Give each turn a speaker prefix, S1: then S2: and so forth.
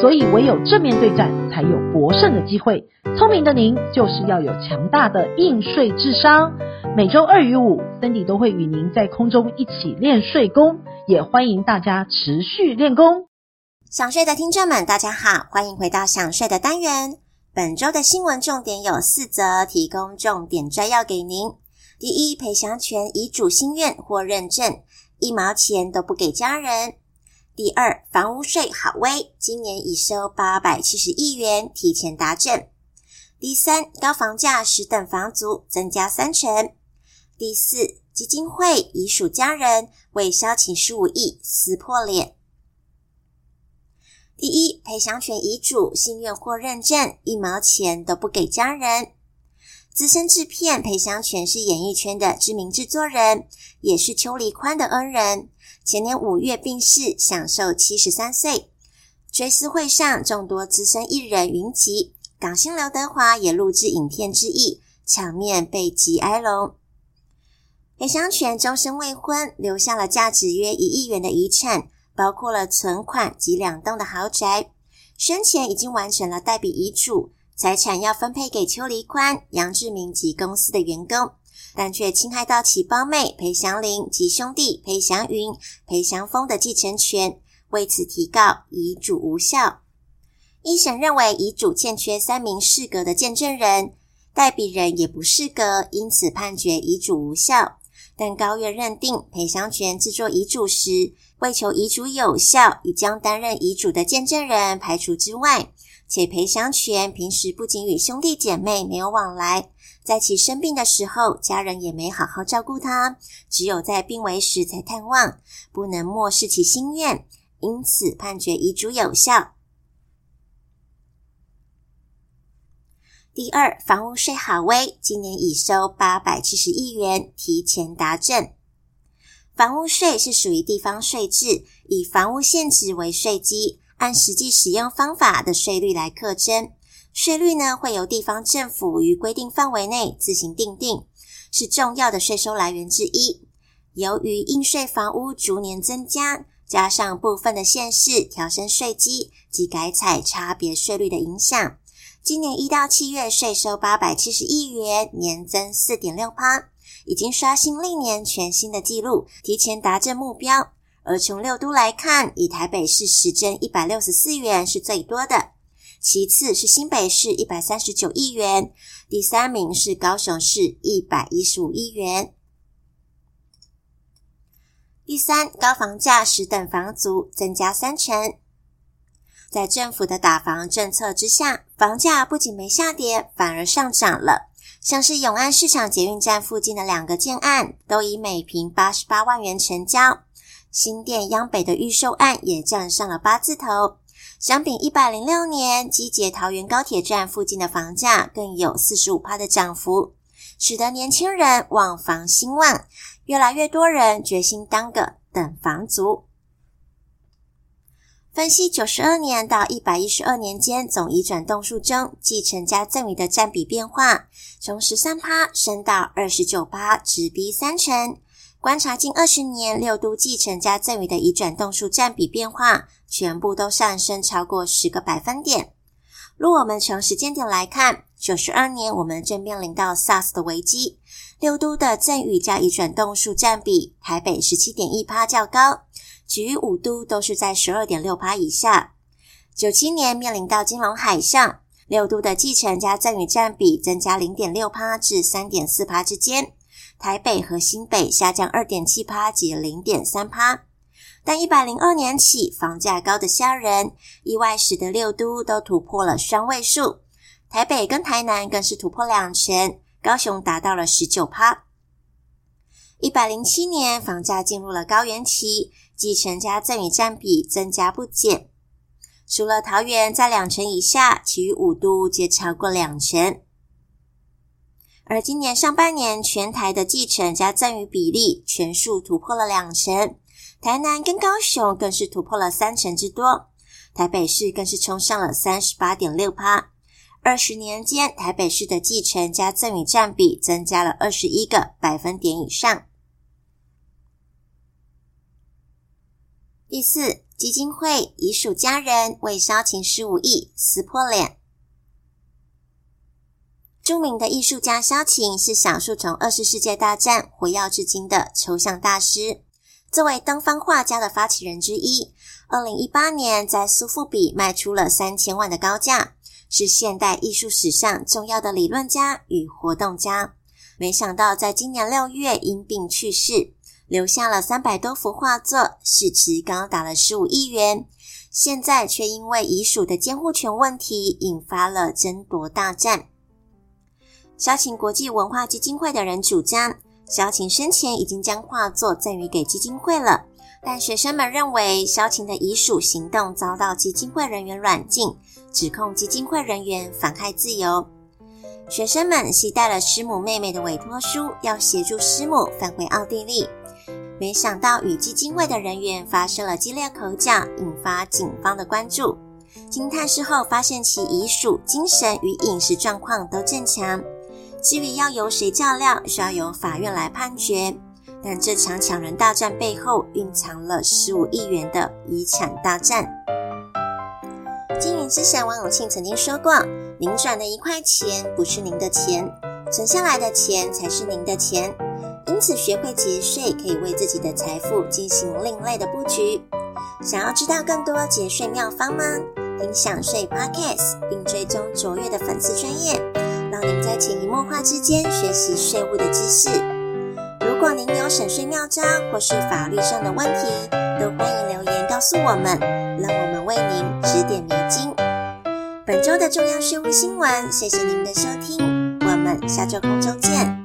S1: 所以唯有正面對戰，才有搏勝的機會。聰明的您，就是要有強大的應稅智商。每周二與五，森迪都會與您在空中一起練稅功，也歡迎大家持續練功。享稅的聽眾們，大家好，歡迎回到享稅的單元。本周的新聞重點有四則，提供重點摘要給您。第一，裴祥泉遺囑心願獲認證，一毛錢都不給家人。第二，房屋稅好威，今年已收八百七十億元，提前達陣。第三，高房價使等房族增加三成。第四，基金會、遺孀家人為蕭勤十五億撕破臉。第一，裴祥泉遺囑心願獲認證，一毛錢都不給家人。資深製片裴祥泉是演藝圈的知名製作人，也是邱黎寬的恩人。前年五月病逝，享壽七十三歲。追思會上，眾多資深藝人雲集，港星劉德華也錄製影片致意，場面備極哀榮。裴祥泉終身未婚，留下了價值約一億元的遺產，包括了存款及兩棟的豪宅。生前已經完成了代筆遺囑。財產要分配給邱黎寬、楊志明及公司的員工，但卻侵害到其胞妹裴祥林及兄弟裴祥雲、裴祥峰的繼承權。為此，提告遺囑無效。一審認為遺囑欠缺三名適格的見證人，代筆人也不適格，因此判決遺囑無效。但高院認定裴祥泉制作遺囑時，為求遺囑有效，已將擔任遺囑的見證人排除之外。且裴祥泉平時不僅與兄弟姐妹沒有往來，在其生病的時候，家人也沒好好照顧他，只有在病危時才探望，不能漠視其心願，因此判決遺囑有效。第二，房屋稅好威，今年已收八百七十億元，提前達陣。房屋稅是屬於地方稅制，以房屋現值為稅基。按實際使用方法的稅率來課徵，稅率呢會由地方政府於規定範圍內自行訂定，是重要的稅收來源之一。由於應稅房屋逐年增加，加上部分的縣市調升稅基及改採差別稅率的影響，今年一到七月稅收八百七十億元，年增四點六趴，已經刷新歷年全新的紀錄，提前達陣目標。而從六都來看，以台北市實徵一百六十四元是最多的，其次是新北市一百三十九億元，第三名是高雄市一百一十五億元。第三，高房價使等房族增加三成。在政府的打房政策之下，房價不僅沒下跌，反而上漲了。像是永安市場捷運站附近的兩個建案，都以每坪八十八萬元成交。新店、央北的預售案也站上了八字頭，相比一百零六年集結桃園高鐵站附近的房價，更有四十五趴的漲幅，使得年輕人望房興旺，越來越多人決心當個等房族。分析九十二年到一百一十二年間總移轉棟數中，繼承加贈與的占比變化，從十三趴升到二十九趴，直逼三成。觀察近二十年六都繼承加贈與的移轉動數占比變化，全部都上升超過十個百分點。若我們從時間點來看，九十二年我們正面臨到 SARS 的危機，六都的贈與加移轉動數占比，台北十七點一趴較高，其餘五都都是在十二點六趴以下。九七年面臨到金融海嘯，六都的繼承加贈與占比增加零點六趴至三點四趴之間。台北和新北下降二點七趴及零點三趴，但一百零二年起房價高得嚇人，意外使得六都都突破了雙位數，台北跟台南更是突破兩成，高雄達到了十九趴。一百零七年房價進入了高原期，繼承加贈與占比增加不減，除了桃園在兩成以下，其餘五都皆超過兩成。而今年上半年，全台的繼承加贈與比例全數突破了兩成，台南跟高雄更是突破了三成之多，台北市更是衝上了三十八點六趴。二十年間，台北市的繼承加贈與佔比增加了二十一個百分點以上。第四，基金會遺孀家人為蕭勤十五億撕破臉。著名的藝術家蕭勤是少數從二次世、世界大戰活到至今的抽象大師。作為東方畫家的發起人之一，二零一八年在蘇富比賣出了三千萬的高價，是現代藝術史上重要的理論家與活動家。沒想到在今年六月因病去世，留下了三百多幅畫作，市值高達了十五億元。現在卻因為遺囑的監護權問題，引發了爭奪大戰。蕭勤國際文化基金會的人主張，蕭勤生前已經將畫作贈予給基金會了。但學生們認為，蕭勤的遺孀行動遭到基金會人員軟禁，指控基金會人員妨害自由。學生們攜帶了師母妹妹的委托書，要協助師母返回奧地利。沒想到與基金會的人員發生了激烈口角，引發警方的關注。經探視後，發現其遺孀精神與飲食狀況都正常。至於要由誰照料，需要由法院來判決。但這場搶人大戰背後蘊藏了十五億元的遺產大戰。經營之神王永慶曾經說過：“您賺的一塊錢不是您的錢，存下來的錢才是您的錢。因此，學會節稅可以為自己的財富進行另類的布局。想要知道更多節稅妙方嗎？聽享稅 Podcast，並追蹤卓越的粉絲專業。”讓您在潛移默化之間學習稅務的知識。如果您有省稅妙招或是法律上的問題，都歡迎留言告訴我們，讓我們為您指點迷津。本週的重要稅務新聞，謝謝您的收聽，我們下週空中見。